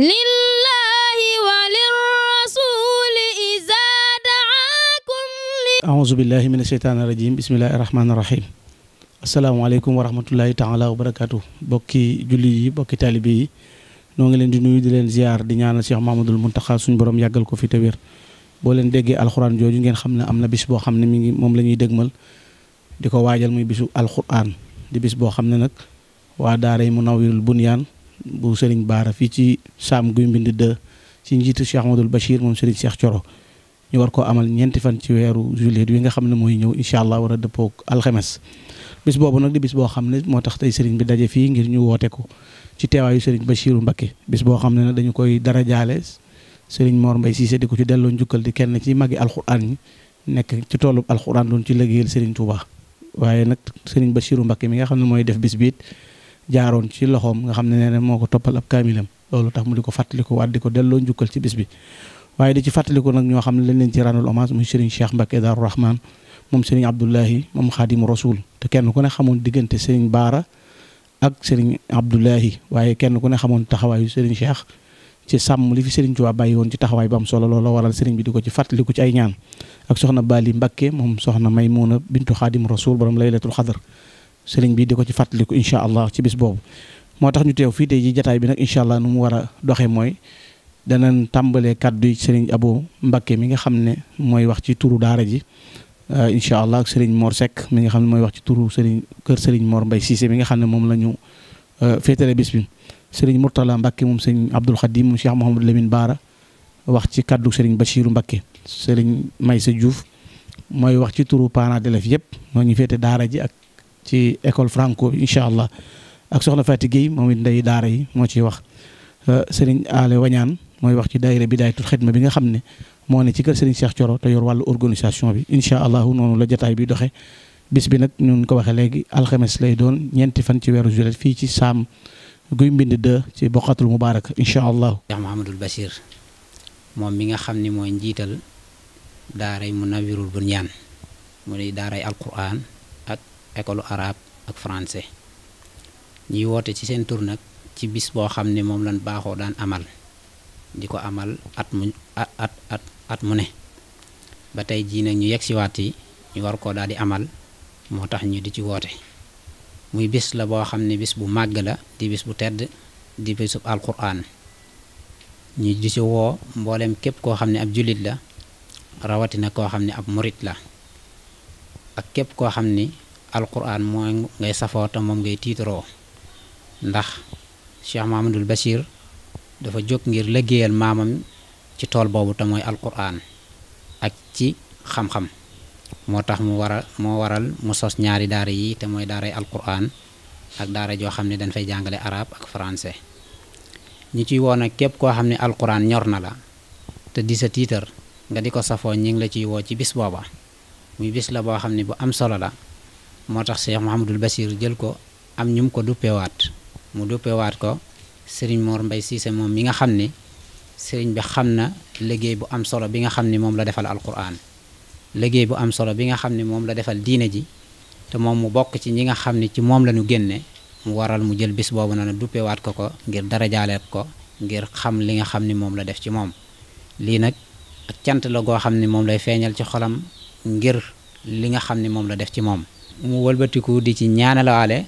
lillahi wa lirrasuli iza da'akum li a'uuzu billahi mina sheytaani rajiim bismillahi rahmaani rahiim asalaamaaleykum wa rahmatullahi taala wa barakaatu bokki julli yi bokki taalibe yi noo ngi leen di nuyu di leen ziar di ñaanal Cheikh Mahmadul Muntaxa suñu boroom yàggal ko fi te wér boo leen déggee alxuraan jooju ngeen xam ne am na bis boo xam ne mi ngi moom la ñuy dégmal di ko waajal muy bisu alxuraan di bis boo xam ne nag waa daara yi Munawwirul Bunyaan bu Serigne Baara fii ci Sam guy mbind de ci njiitu Cheikh Amadou Bachir moom Serigne Cheikh Thioro ñu war ko amal ñeenti fan ci weeru juillet yi nga xam ne mooy ñëw incha allah war a dëppoo alxemes bis boobu nag di bis boo xam ne moo tax tey Serigne bi daje fii ngir ñu woote ko ci teewaayu Serigne Bachiru Mbakke bis boo xam ne nag dañu koy dara jaale Serigne Mor Mbaye Cissé di ko ci delloo njukkal di kenn ci magi alxuraan ñi nekk ci toolub alxuraan doon ci liggéeyal Serigne Touba waaye nag Serigne Bachiru Mbakke mi nga xam ne mooy def bis jaaroon ci loxoom nga xam ne nee na moo ko toppal ab kaamilam loolu tax mu di ko fàttaliku waat di ko delloo njukkal ci bis bi waaye di ci fàttaliku nag ñoo xam ne lañ leen ci rendul hommage muy Serigne Cheikh Mbacke Darou Rahman moom Serigne Abdoulahi moom Xaadimu Rasul te kenn ku ne xamoon diggante Serigne Baara ak Serigne Abdoulahi waaye kenn ku ne xamoon taxawaayu Serigne Cheikh ci sàmm li fi Serigne Touba bàyyi woon ci taxawaay bu am solo looloo waral Serigne bi di ko ci fàttaliku ci ay ñaan ak soxna Bali Mbacke moom soxna Maymuna bintu Xaadimu Rasul borom laylatul xadar sëriñ bii di ko ci fàttaliku incha allah ci bis boobu moo tax ñu teew fii tey ji jataay bi nag incha allah nu mu war a doxee mooy dana tàmbalee kàddu yi sëriñ aboo Mbakke mi nga xam ne mooy wax ci turu daara ji euh, incha allah ak sëriñ Mor mi nga xam mooy wax ci turu sëriñ kër sëriñ moor Mbay Cissé mi nga xam ne moom la ñu euh, féetale bis bi sëriñ Mourtala Mbakke moom sëriñ Abdul Xadim moom Cheikh Mouhamadou Lamine Baara wax ci kàddu sëriñ Bachiru Mbakke sëriñ Maysa Diouf mooy wax ci turu parents d'élèves yëpp moo ñu féete daara ji ak ci école franco bi incha allah ak soxna Fati Guèye moom it ndey daara yi moo ciy wax euh, sëriñ Aale Wañaan mooy wax ci daayira Bidaayatul Xidma bi nga xam ne moo ne ci kër sëriñ Cheikh Thioro te wàllu organisation bi incha allah noonu la jotaay bi doxe bis bi nag ñun ko waxee léegi alxames lay doon ñeenti fan ci weeru juillet fii ci saam guy mbind de ci boqatul mubaaraka incha allah. Cheikh Mahamadul Bachir moom mi nga xam ni mooy njiital daaray Munawwirul Bunyaan mu ne daaray alquran. école arabe ak français ñuy woote ci seen tur nag ci bis boo xam ne moom lañ baaxoo daan amal di ko amal at mu at at mu ne ba tey jii nag ñu yegg si waat yi ñu war ko daal di amal moo tax ñu di ci woote muy bis la boo xam ne bis bu màgg la di bis bu tedd di bisub alquran ñu di ci woo mboolem képp koo xam ne ab jullit la rawatina koo xam ne ab morit la ak képp koo xam ni alquran mooy ngay safoo te moom ngay tiitaroo ndax Cheikh Mahamadul Bachir dafa jóg ngir liggéeyal maamam ci tool boobu te mooy alquran ak ci xam-xam moo tax mu war moo waral mu sos ñaari daara yi te mooy daaray alquran ak daara joo xam ne dañ fay jàngale arab ak français ñi ciy woo na képp koo xam ne alquran ñor na la te di sa tiitar nga di ko safoo ñi ngi la ciy woo ci bis booba muy bis la boo xam ne bu am solo la moo tax Cheikh Mouhamadul Bachir jël ko am ñum ko duppewaat mu duppewaat ko Serigne Mor Mbaye Cissé moom mi nga xam ni sëriñ bi xam na liggéey bu am solo bi nga xam ni moom la defal alquran liggéey bu am solo bi nga xam ni moom la defal diine ji te moom mu bokk ci ñi nga xam ni ci moom la ñu génne mu waral mu jël bis boobu na na duppewaat ko ko ngir darajaaleet ko ngir xam li nga xam ni moom la def ci moom lii nag ak cant la goo xam ni moom lay feeñal ci xolam ngir li nga xam ni moom la def ci moom mu wëlbatiku di ci ñaanalawaale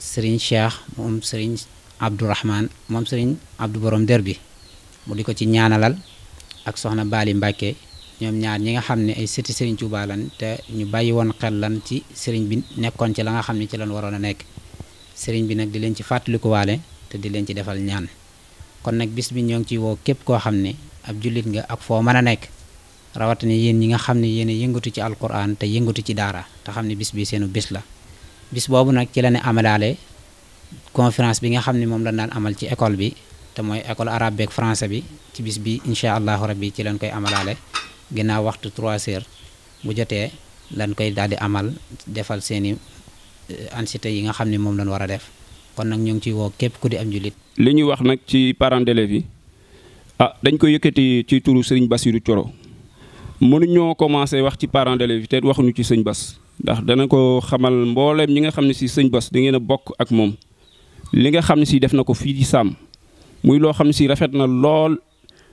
sëriñ Cheikh moom sëriñ Abdourahman moom sëriñ Abdou Borom bi mu di ko ci ñaanalal ak soxna Bali Mbàkke ñoom ñaar ñi nga xam ne ay sëti sëriñ Tuubaa lan te ñu bàyyi woon xel lan ci sëriñ bi nekkoon ci la nga xam ne ci lan waroon a nekk sëriñ bi nag di leen ci fàttalikuwaale te di leen ci defal ñaan kon nag bis bi ñoo ngi ciy képp koo xam ne ab jullit nga ak foo mën a nekk rawatina yéen ñi nga xam ne yéen a yëngatu ci alquran te yëngatu ci daara te xam ne bis bi seenu bis la bis boobu nag ci la ne amalaale conférence bi nga xam ne moom lañ daan amal ci école bi te mooy école arabe beeg bi ci bis bi incha allahu rabbi ci lañ koy amalaale ginnaaw waxtu trois heures bu jotee lañ koy daal di amal defal seeni euh, ancité yi nga xam ne moom lañ war a def kon nag ñu ngi ciy woo képp ku di am jullit li ñuy wax nag ci parents d'élèves yi ah dañ ko yëkkati ci turu Serigne Bassirou Thioro mënuñoo commencé wax ci parents d'élèves yi te waxuñu ci sëñ Bass ndax dana ko xamal mbooleem ñi nga xam ne si sëñ Bass da ngeen a bokk ak moom li nga xam ne si def na ko fii ci saam muy loo xam si rafet na lool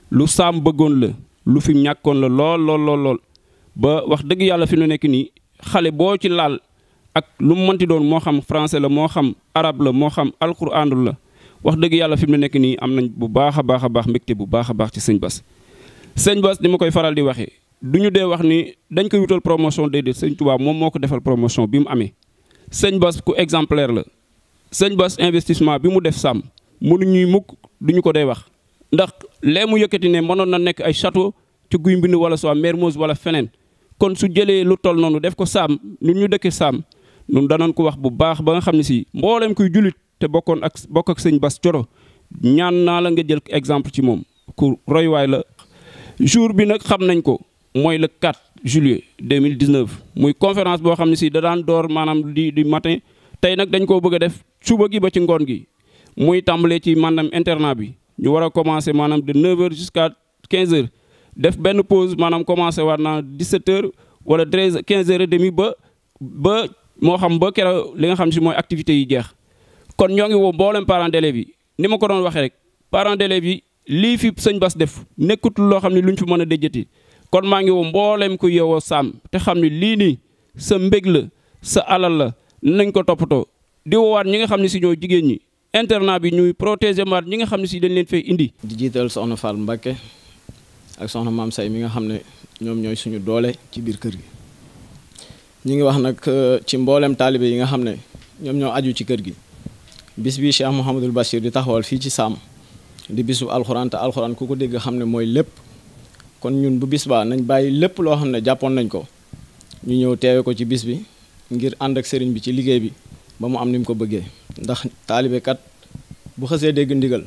lu saam bëggoon la lu fi ñàkkoon la lool lool lool ba wax dëgg yàlla fi nu nekk nii xale boo ci laal ak lu mu mënti doon moo xam français la moo xam arabe la moo xam alxuraanul la wax dëgg yàlla fi mu nekk nii am nañ bu baax a baax a baax mbégte bu baax a baax ci sëñ Bass faral di waxee du ñu dee wax ni dañ koy wutal promotion déedéet sëñ Touba moom moo ko defal promotion bi mu amee. sëñ Bass ku exemplaire la sëñ bas investissement bi mu def sàmm mënu ñuy mukk du ñu ko dee wax ndax lee mu yëkkati ne mënoon na nekk ay château ci guy mbind wala soit Mermoz wala feneen kon su jëlee lu toll noonu def ko saam ñun ñu dëkkee saam ñun danoon ko wax bu baax ba nga xam ne si mbooleem kuy jullit te bokkoon ak bokk ak sëñ Bass Coro ñaan naa la nga jël exemple ci moom ku roywaay la jour bi nag xam nañ ko. mooy le 4 juillet 2019 muy conférence boo xam ne si da daan door maanaam di di matin tey nag dañ koo bëgg a def suba gi ba ci ngoon gi muy tàmbalee ci maanaam internat bi ñu war a commencé maanaam de 9h jusqu'à quinze h def benn pose maanaam commencé waat naa 17h wala 13 15h et demi ba ba moo xam ba keroog li nga xam si mooy activités yi jeex. kon ñoo ngi woo mboolem parents d'élèves yi ni ma ko doon waxee rek parents d'élèves yi lii fi sëñ def nekkut loo xam ne luñ fi mën a déjati. kon maa ngi woo mbooleem ku yeewoo saam te xam ne lii nii sa mbég la sa alal la nañ ko toppatoo di woowaat ñi nga xam ne si ñoo jigéen ñi internat bi ñuy protéger maat ñi nga xam ne si dañ leen fay indi. di jiital soxna Fall Mbakke ak soxna maam say mi nga xam ne ñoom ñooy suñu doole ci biir kër gi ñu ngi wax nag euh, ci mboolem taalibe yi nga xam ne ñoom ñoo aju ci kër gi. bis bi Cheikh Mouhamadul Bachir di taxawal fii ci Saam di bisu alxuraan te alxuraan xam ne mooy lépp. kon ñun bu bis baa nañ bàyyi lépp loo xam ne jàppoon nañ ko ñu ñëw teewe ko ci bis bi ngir ànd ak sëriñ bi ci liggéey bi ba mu am ni mu ko bëggee ndax taalibeekat kat bu xësee dégg ndigal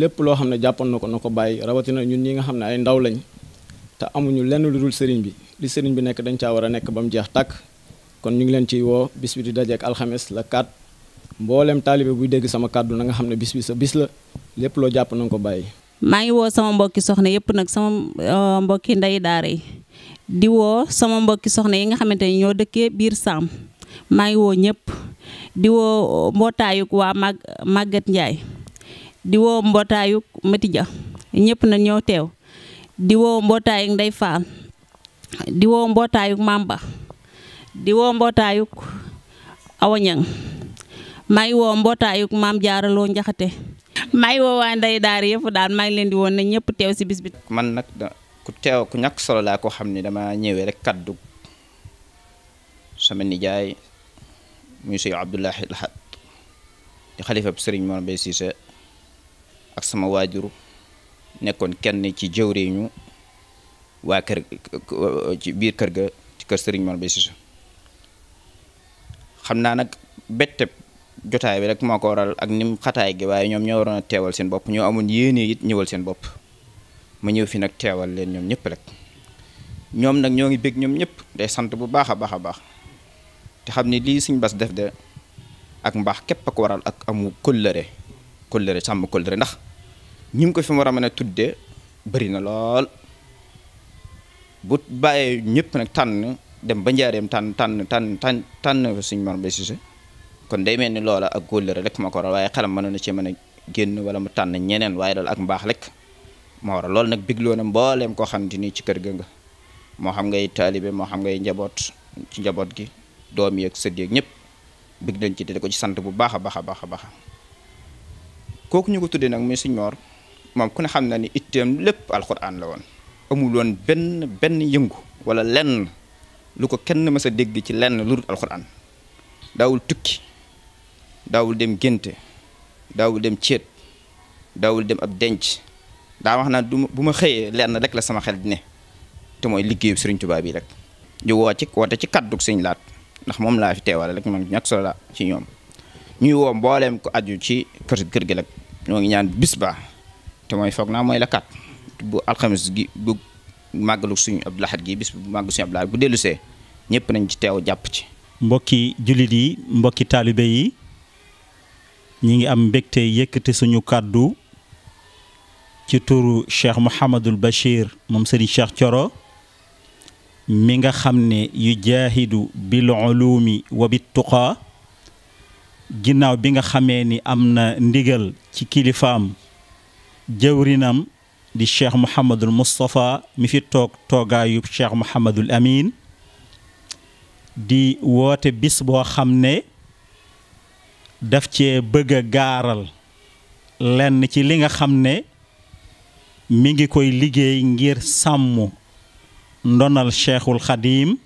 lépp loo xam ne jàppoon na ko na ko bàyyi rawatina ñun ñi nga xam ne ay ndaw lañ te amuñu lenn lu dul sëriñ bi li sëriñ bi nekk dañ caa war a nekk ba mu jeex tàkk kon ñu ngi leen ciy woo bis bi di dajeek alxames la 4 mboolem taalibe buy dégg sama kàddu na nga xam ne bis bi sa bis la lépp loo jàpp na ko bàyyi maa ngi woo sama mbokki soxna yëpp nag sama uh, mbokki ndey daara yi di woo sama mbokki soxna yi nga xamante ni ñoo dëkkee biir saam maa ngi woo ñëpp diwoo mbootaayuk waa mag Maguette Ndiaye di woo mbootaayuk Mati Dia ñëpp na ñoo teew di woo mbootaayuk Ndey Faal di woo mbootaayuk Mamba di woo mbootaayuk Awañang maa ngi woo mbootaayuk Maam Jaaraloo Njaxate maa ngi woo waa Ndeye Daara yëpp daal maa ngi leen di woon na ñëpp teew si bis bi. man nag ku teew ku ñàkk solo laa ko xam ne dama ñëwee rek kaddu sama nijaay monsieur Abdoulahi Lahat di xalifa bu Serigne Mor Mbaye ak sama waajur nekkoon kenn ci jëwriñu waa kër ci biir kër ga ci kër Serigne Mor Mbaye Cissé xam naa nag bette. jotaay bi rek moo ko waral ak nim xataay gi waaye ñoom ñoo waroon a teewal seen bopp ñoo amoon yéene it ñëwal seen bopp ma ñëw fi nag teewal leen ñoom ñëpp rek ñoom nag ñoo ngi bég ñoom ñëpp day sant bu baax a baax a baax te xam ne lii suñ bas def de ak mbaax képp ak waral ak amu kóllëre kóllëre sàmm kóllëre ndax ñi ko fi war a mën a tuddee bëri na lool bu bàyyee ñëpp nag tànn dem ba njaareem tànn tànn tànn tànn tànn suñ mor bay sise kon day mel ni loola ak góllëre rek moo ko waral waaye xelam mënoon na ci mën a génn wala mu tànn ñeneen waaye loolu ak mbaax rek moo waral loolu nag bigloo na mbooleem koo xamante ni ci kër ga nga moo xam ngay taalibe moo xam ngay njaboot ci njaboot gi doom yeeg sët yeeg ñëpp big nañ ci de ko ci sant bu baax a baax a baax a baax kooku ñu ko tuddee nag muy suñ moor moom ku ne xam na ni itteem lépp alxuraan la woon amul woon benn benn yëngu wala lenn lu ko kenn mës a dégg ci lenn lu dul daawul dem génte daawul dem céet daawul dem ak denc daa wax naa du bu ma xëyee lenn rek la sama xel di ne te mooy liggéeyu Sëriñ tubaab yi rek di woo ci woote ci kàddug Sëñ Laat ndax moom laa fi teewal rek man ñàkk solo la ci ñoom ñuy woo mbooleem ko aju ci kër kër gi rek ñoo ngi ñaan bis ba te mooy foog naa mooy la kat bu alxames gi bu màggalu suñu Abdul Ahad gi bis bu màggalu suñu Abdul Ahad bu dellusee ñëpp nañ ci teew jàpp ci mbokki jullit yi mbokki taalibe yi ñi ngi am mbégte yëkkati suñu kàddu ci turu cheikh Mouhamadul Bachir moom sëriñ cheikh coro mi nga xam ne yu jaahidu bil ulumi wa bit tuqaa ginnaaw bi nga xamee ni am na ndigal ci kilifaam jëwrinam di cheikh Mouhamadul Moustapha mi fi toog toogaayu cheikh Mouhamadul Amin di woote bis boo xam ne daf cee bëgg gaaral lenn ci li nga xam ne mu ngi koy liggéey ngir sàmm ndonal cheikhul xadiim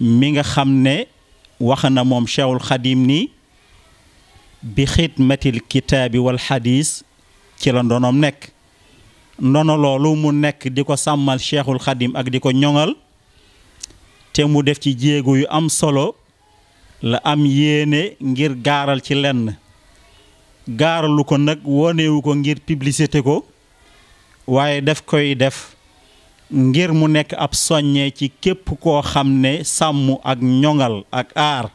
mi nga xam ne wax na moom cheikhul xadiim ni bi xidmatil kitaabi wal xadiis ci la ndonoom nekk ndono mu nekk di ko sàmmal cheikhul xadiim ak di ko ñoŋal te mu def ci jéego yu am solo la am yéene ngir gaaral ci lenn gaaralu ko nag wonewu ko ngir publicité ko waaye daf koy def ngir mu nekk ab soññee ci képp koo xam ne sàmm ak ñoŋal ak aar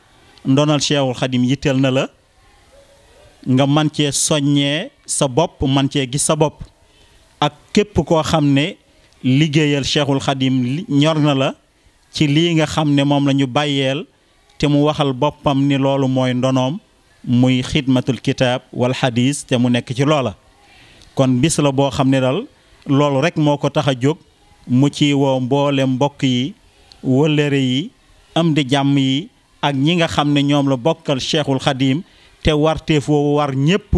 ndonal Cheikhul Xadim yitteel na la nga man cee soññee sa bopp man cee gis sa bopp ak képp koo xam ne liggéeyal Cheikhul Xadim ñor na la ci li nga xam ne moom lañu ñu bàyyeel te mu waxal boppam ni loolu mooy ndonoom muy xidmatul kitaab wal xadiis te mu nekk ci loola kon bis la boo xam ne dal loolu rek moo ko tax a jóg mu ci woo mboole mbokk yi wëllëre yi am di jàmm yi ak ñi nga xam ne ñoom la bokkal cheikhul xadim te warteef woowu war ñépp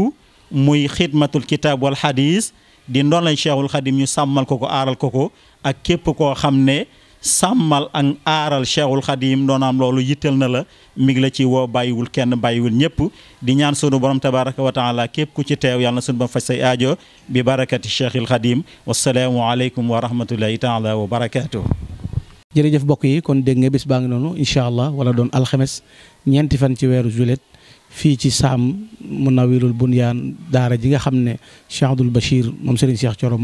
muy xidmatul kitaab wal xadiis di ndonay cheikhul xadim ñu sàmmal ko ko aaral ko ko ak képp koo xam ne sàmmal ak aaral cheikhul xadim doonaam loolu yittal na la mi ngi la ci woo bàyyiwul kenn bàyyiwul ñëpp di ñaan sunu borom tabaraka wa taala képp ku ci teew yàlla na sunu ba faj say aajo bi barakati cheikhul xadim wasalaamu aleykum wa rahmatullahi taala wa barakaatu. jërëjëf mbokk yi kon dégg nga bis baa ngi noonu incha allah wala doon alxames ñeenti fan ci weeru juillet fii ci saam munawirul bunyaan daara ji nga xam ne Cheikh Abdoul Bachir moom Serigne Cheikh Thioro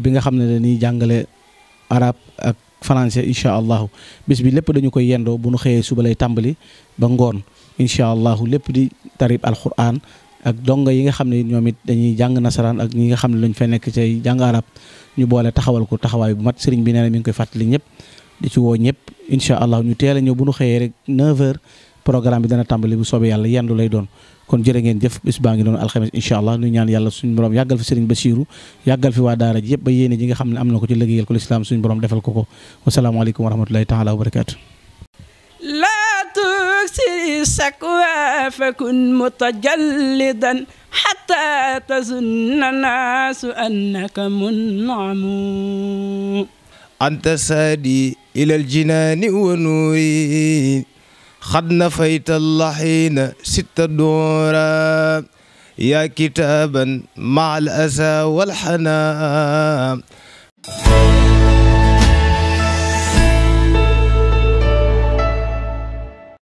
bi nga xam ne dañuy jàngale. arab ak français incha allahu bis bi lépp dañu koy yendoo bu nu xëyee suba lay tàmbali ba ngoon incha allahu lépp di tarib alquran ak donga yi nga xam ne ñoom it dañuy jàng nasaraan ak ñi nga xam ne luñ fa nekk cay jàng arab ñu boole taxawal ko taxawaay bu mat sëriñ bi nee na mi ngi koy fàttali ñëpp di ci woo ñëpp incha allah ñu teel a ñëw bu ñu xëyee rek 9 programme bi dana tàmbali bu soobee yàlla yendu lay doon kon jërë ngeen jëf bis baa ngi doon alxames incha allah nu ñaan yàlla suñu borom yàggal fi sëriñ Basiiru yàggal fi waa daara ji yëpp ba yéene ji nga xam ne am na ko ci liggéeyal ko lislaam suñu borom defal ko ko wasalaamaaleykum wa rahmatullahi taala wa barakaatu laa tuksiri sakwa fakun mutajallidan xatta tazunna naasu annaka mun'amu anta saadi ilal jinaani wa nuuri xad nafayta laxiina sitta doora yaa kitaaban maal asa walxanaa